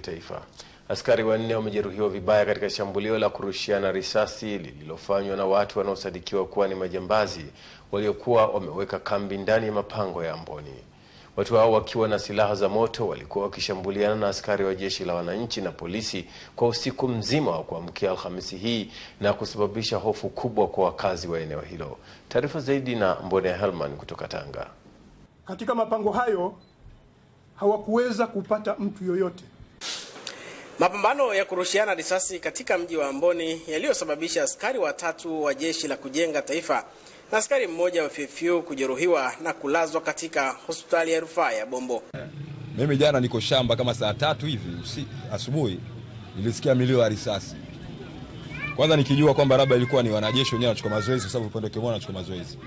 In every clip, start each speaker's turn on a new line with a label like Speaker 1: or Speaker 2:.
Speaker 1: kitaifa. Askari wanne wamejeruhiwa vibaya katika shambulio la kurushiana risasi lililofanywa na watu wanaosadikiwa kuwa ni majambazi waliokuwa wameweka kambi ndani ya mapango ya Amboni. Watu hao wakiwa na silaha za moto walikuwa wakishambuliana na askari wa jeshi la wananchi na polisi kwa usiku mzima wa kuamkia Alhamisi hii na kusababisha hofu kubwa kwa wakazi wa eneo hilo. Taarifa zaidi na Mbone Helman kutoka Tanga.
Speaker 2: Katika mapango hayo hawakuweza kupata mtu yoyote.
Speaker 3: Mapambano ya kurushiana risasi katika mji wa Amboni yaliyosababisha askari watatu wa jeshi la kujenga taifa na askari mmoja wa FFU kujeruhiwa na kulazwa katika hospitali ya rufaa ya Bombo.
Speaker 4: Mimi jana niko shamba kama saa tatu hivi asubuhi nilisikia milio ya risasi, kwanza nikijua kwamba labda ilikuwa ni wanajeshi wenyewe wanachukua mazoezi, kwa sababu upande kimoja wanachukua mazoezi,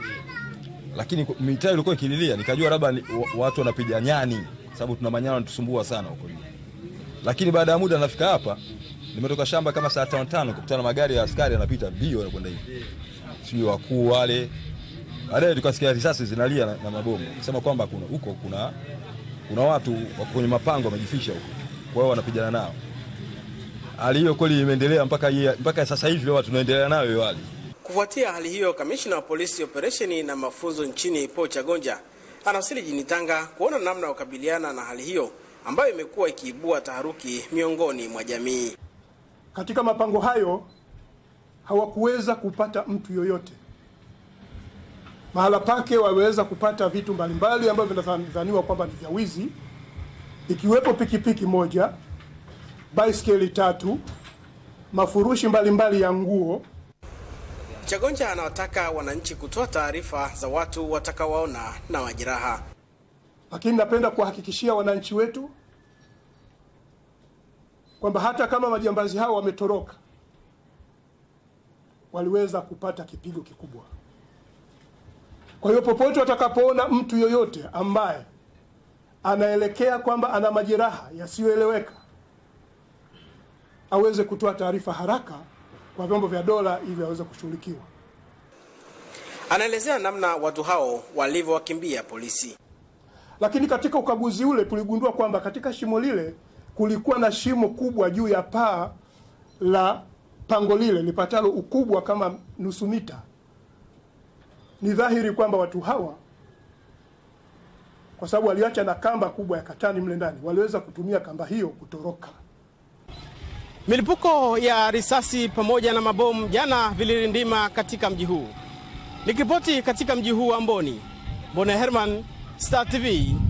Speaker 4: lakini mitaa ilikuwa ikililia, nikajua labda watu wanapiga nyani, sababu tuna manyana wanatusumbua sana huko lakini baada ya muda nafika hapa, nimetoka shamba kama saa tano tano, kukutana na magari ya askari yanapita mbio, yanakwenda hivi, sio wakuu wale. Baadaye tukasikia risasi zinalia na, na mabomu, sema kwamba kuna huko kuna kuna watu wako kwenye mapango wamejificha huko, kwa hiyo wanapigana nao. Hali hiyo kweli imeendelea mpaka mpaka sasa hivi, leo tunaendelea nayo hiyo hali.
Speaker 3: Kufuatia hali hiyo, kamishna wa polisi operesheni na mafunzo nchini po Chagonja anawasili jini Tanga kuona namna ya kukabiliana na hali hiyo ambayo imekuwa ikiibua taharuki miongoni mwa jamii.
Speaker 2: Katika mapango hayo hawakuweza kupata mtu yoyote, mahala pake waweza kupata vitu mbalimbali ambavyo vinadhaniwa kwamba ni vya wizi, ikiwepo pikipiki moja, baiskeli tatu, mafurushi mbalimbali ya nguo.
Speaker 3: Chagonja anawataka wananchi kutoa taarifa za watu watakawaona na majeraha.
Speaker 2: Lakini napenda kuwahakikishia wananchi wetu kwamba hata kama majambazi hao wametoroka, waliweza kupata kipigo kikubwa. Kwa hiyo popote watakapoona mtu yoyote ambaye anaelekea kwamba ana majeraha yasiyoeleweka aweze kutoa taarifa haraka kwa vyombo vya dola ili aweze kushughulikiwa.
Speaker 3: Anaelezea namna watu hao walivyowakimbia polisi.
Speaker 2: Lakini katika ukaguzi ule tuligundua kwamba katika shimo lile kulikuwa na shimo kubwa juu ya paa la pango lile lipatalo ukubwa kama nusu mita. Ni dhahiri kwamba watu hawa kwa sababu waliacha na kamba kubwa ya katani mle ndani, waliweza kutumia kamba hiyo kutoroka.
Speaker 5: Milipuko ya risasi pamoja na mabomu jana vilirindima katika mji huu. Nikiripoti katika mji huu wa Amboni, Mbona Herman, start to be